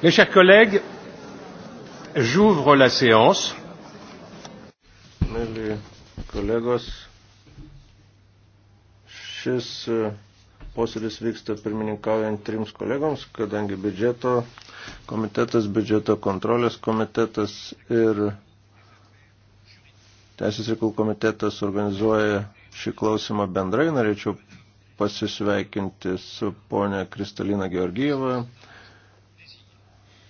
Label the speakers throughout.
Speaker 1: Mes chers collègues, j'ouvre la séance. Mėly kolegos, šis e, posėdis vyksta pirmininkaujant trims kolegoms, kadangi biudžeto komitetas, biudžeto kontrolės komitetas ir Teisės reikalų komitetas organizuoja šį klausimą bendrai. Norėčiau pasisveikinti su ponia Kristalina Georgijeva,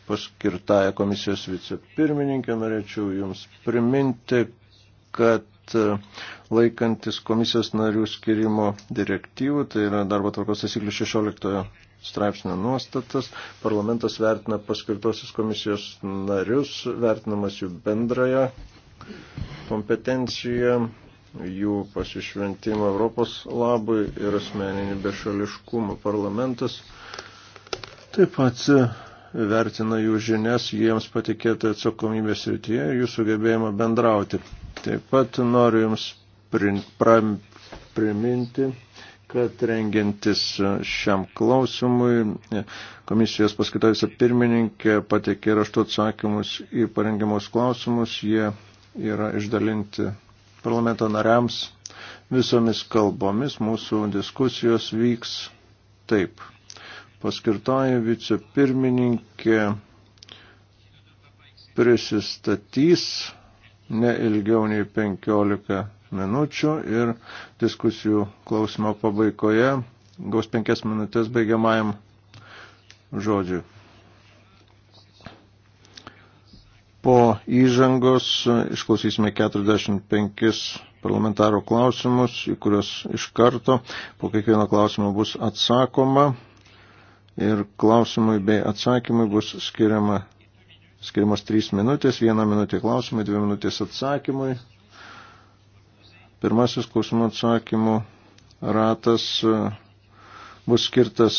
Speaker 1: paskirtąją komisijos vicepirmininkę norėčiau Jums priminti, kad e, laikantis komisijos narių skirimo direktyvų, tai yra darbo tvarkos taisyklių 16 straipsnio nuostatas, parlamentas vertina paskirtosius komisijos narius, vertinamas jų bendrąją kompetenciją, jų pasišventimą Europos labui ir asmeninį bešališkumą parlamentas. Taip pat e, vertina jų žinias, jiems patikėtą atsakomybės rytyje ir jų sugebėjimą bendrauti. Taip pat noriu Jums priminti, kad rengiantis šiam klausimui komisijos paskaitojus pirmininkė pateikė raštų atsakymus į parengiamus klausimus. Jie yra išdalinti parlamento nariams visomis kalbomis. Mūsų diskusijos vyks taip paskirtoji vicepirmininkė prisistatys ne ilgiau nei 15 minučių ir diskusijų klausimo pabaigoje gaus 5 minutės baigiamajam žodžiui. Po įžangos išklausysime 45 parlamentarų klausimus, į kuriuos iš karto po kiekvieno klausimo bus atsakoma ir klausimui bei atsakymui bus skiriama, skiriamas 3 minutės, 1 minutė klausimui, 2 minutės atsakymui. Pirmasis klausimų atsakymų ratas e, bus skirtas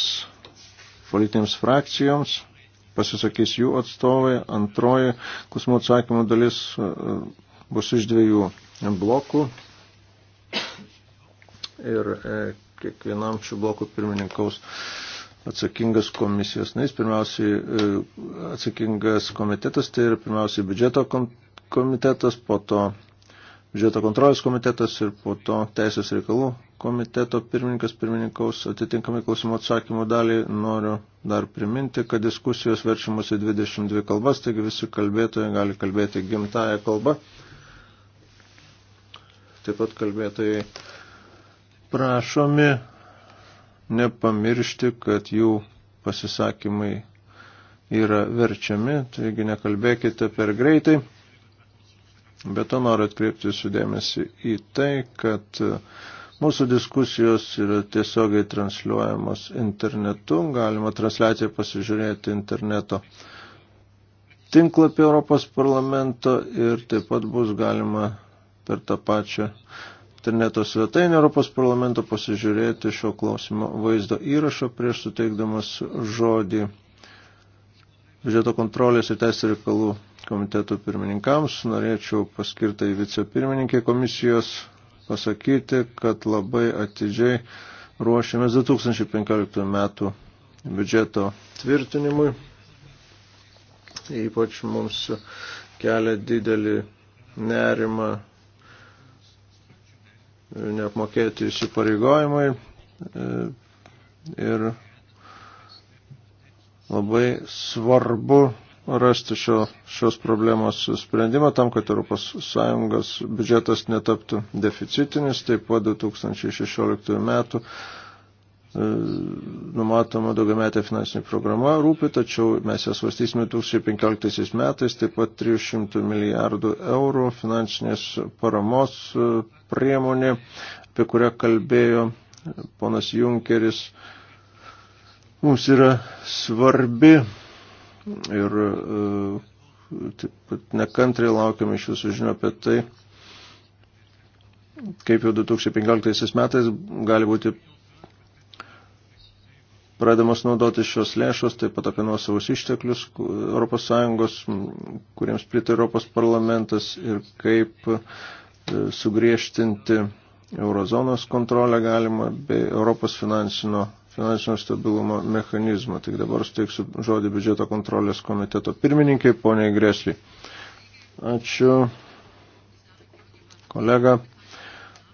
Speaker 1: politinėms frakcijoms, pasisakys jų atstovai. Antroji klausimų atsakymų dalis e, bus iš dviejų blokų. Ir e, kiekvienam šių blokų pirmininkaus atsakingas komisijos nais, pirmiausiai e, atsakingas komitetas, tai yra pirmiausiai biudžeto komitetas, po to biudžeto kontrolės komitetas ir po to teisės reikalų komiteto pirmininkas pirmininkaus atitinkamai klausimų atsakymų dalį noriu dar priminti, kad diskusijos verčiamos į 22 kalbas, taigi visi kalbėtojai gali kalbėti gimtają kalbą. Taip pat kalbėtojai prašomi nepamiršti, kad jų pasisakymai yra verčiami, taigi nekalbėkite per greitai. Bet to noriu atkreipti sudėmesį į tai, kad mūsų diskusijos yra tiesiogiai transliuojamos internetu, galima transliaciją pasižiūrėti interneto tinklapį Europos parlamento ir taip pat bus galima per tą pačią interneto svetainę Europos parlamento pasižiūrėti šio klausimo vaizdo įrašo prieš suteikdamas žodį biudžeto kontrolės ir teisės reikalų komitetų pirmininkams. Norėčiau paskirtai vicepirmininkė komisijos pasakyti, kad labai atidžiai ruošiamės 2015 metų biudžeto tvirtinimui. Ypač mums kelia didelį nerimą neapmokėti įsipareigojimai e, ir labai svarbu rasti šio, šios problemos sprendimą tam, kad ES biudžetas netaptų deficitinis, taip pat 2016 metų E, numatoma daugiametė finansinė programa rūpi, tačiau mes ją svastysime 2015 metais, taip pat 300 milijardų eurų finansinės paramos e, priemonė, apie kurią kalbėjo ponas Junkeris, mums yra svarbi ir e, taip pat nekantriai laukiam iš jūsų žinių apie tai, kaip jau 2015 metais gali būti pradamos naudoti šios lėšos, taip pat apie nuosavus išteklius ES, kuriems pritai Europos parlamentas ir kaip e, sugriežtinti eurozonos kontrolę galima bei Europos finansinio, finansinio stabilumo mechanizmą. Tik dabar steiksiu žodį biudžeto kontrolės komiteto pirmininkai, poniai Gresliai. Ačiū, kolega.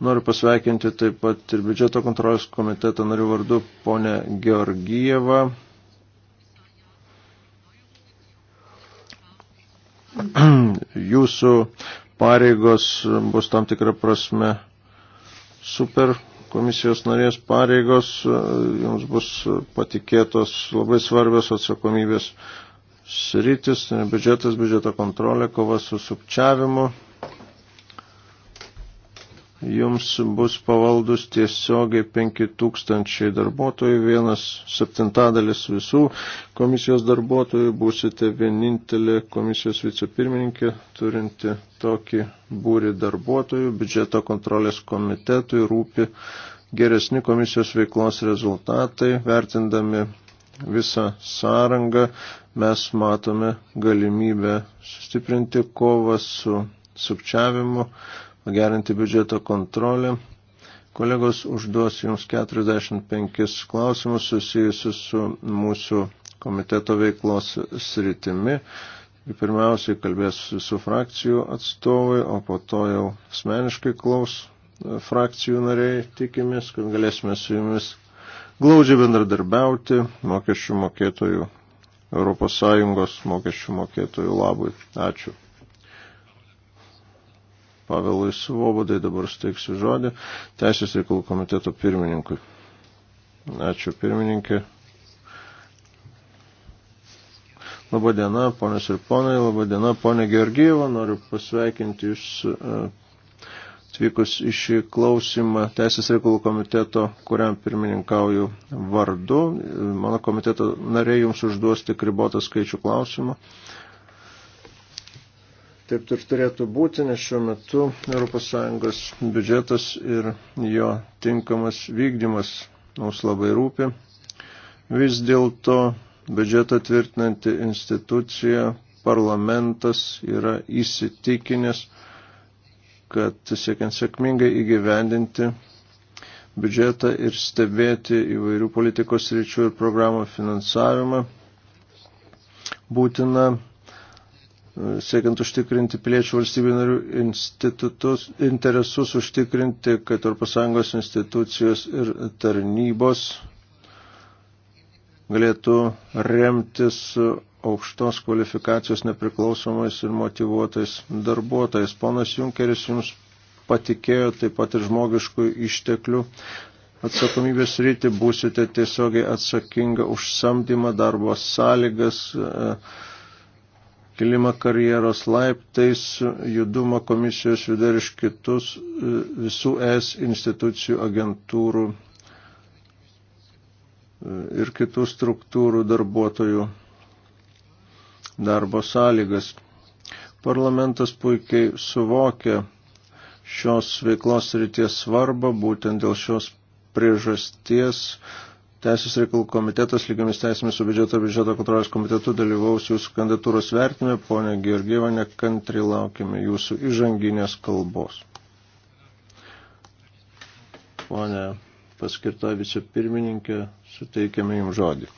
Speaker 1: Noriu pasveikinti taip pat ir biudžeto kontrolės komiteto narių vardu ponę Georgijevą. Jūsų pareigos bus tam tikrą prasme super komisijos narės pareigos, jums bus patikėtos labai svarbios atsakomybės sritis, biudžetas, biudžeto kontrolė, kova su sukčiavimu, jums bus pavaldus tiesiogiai 5000 darbuotojų, vienas septintadalis visų komisijos darbuotojų, būsite vienintelė komisijos vicepirmininkė turinti tokį būrį darbuotojų, biudžeto kontrolės komitetui rūpi geresni komisijos veiklos rezultatai, vertindami visą sąrangą, mes matome galimybę sustiprinti kovą su sukčiavimu, gerinti biudžeto kontrolę. Kolegos užduos jums 45 klausimus susijusius su mūsų komiteto veiklos sritimi. Pirmiausiai kalbės su frakcijų atstovai, o po to jau asmeniškai klaus e, frakcijų nariai. Tikimės, kad galėsime su jumis glaudžiai bendradarbiauti mokesčių mokėtojų, ES mokesčių mokėtojų labui. Ačiū. Pavelui Svobodai dabar steiksiu žodį Teisės reikalų komiteto pirmininkui. Ačiū pirmininkė. Labą dieną, ponės ir ponai, labą dieną, ponė Georgijeva, noriu pasveikinti jūs e, atvykus į šį klausimą Teisės reikalų komiteto, kuriam pirmininkauju vardu. Mano komiteto nariai jums užduos tik ribotą skaičių klausimą. Taip ir turėtų būti, nes šiuo metu ES biudžetas ir jo tinkamas vykdymas mums labai rūpi. Vis dėlto biudžetą tvirtinanti institucija, parlamentas yra įsitikinęs, kad siekiant sėkmingai įgyvendinti biudžetą ir stebėti įvairių politikos ryčių ir programų finansavimą, būtina siekiant užtikrinti piliečių valstybių narių interesus, užtikrinti, kad ES institucijos ir tarnybos galėtų remtis aukštos kvalifikacijos nepriklausomais ir motivuotais darbuotojais. Ponas Junkeris jums patikėjo taip pat ir žmogiškų išteklių atsakomybės rytį, būsite tiesiogiai atsakinga už samdymą, darbo sąlygas, e, kilimą karjeros laiptais, judumą komisijos vidai ir iš kitus e, visų es institucijų agentūrų e, ir kitų struktūrų darbuotojų darbo sąlygas. Parlamentas puikiai suvokia šios veiklos ryties svarbą, būtent dėl šios priežasties Teisės reikalų komitetas lygiamis teisėmis su biudžeto biudžeto kontrolės komitetu dalyvaus jūsų kandidatūros vertime. Pone Georgieva, nekantri laukime jūsų įžanginės kalbos. Pone paskirta vicepirmininkė, suteikiame jums žodį.